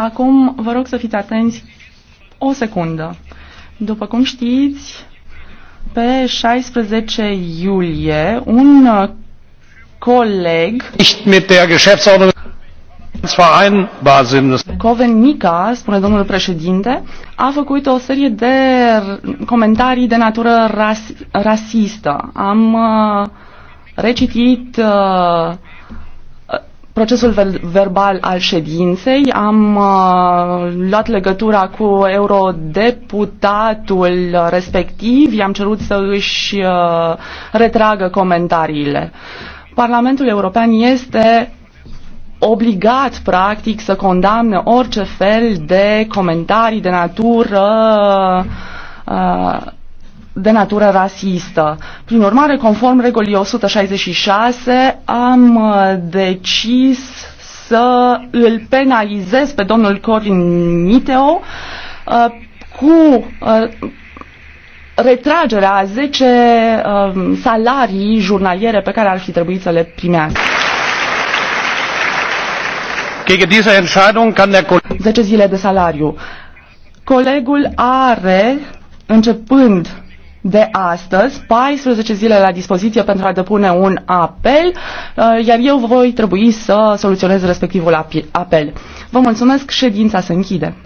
Acum vă rog să fiți atenți o secundă. După cum știți, pe 16 iulie, un coleg Coven Mica, spune domnul președinte, a făcut o serie de comentarii de natură ras rasistă. Am uh, recitit uh, procesul verbal al ședinței. Am uh, luat legătura cu eurodeputatul respectiv, i-am cerut să își uh, retragă comentariile. Parlamentul European este obligat, practic, să condamne orice fel de comentarii de natură uh, de natură rasistă. Prin urmare, conform regulii 166, am uh, decis să îl penalizez pe domnul Corin Miteo uh, cu uh, retragerea a 10 salarii jurnaliere pe care ar fi trebuit să le primească. 10 zile de salariu. Colegul are, începând de astăzi, 14 zile la dispoziție pentru a depune un apel, uh, iar eu voi trebui să soluționez respectivul apel. Vă mulțumesc, ședința se închide.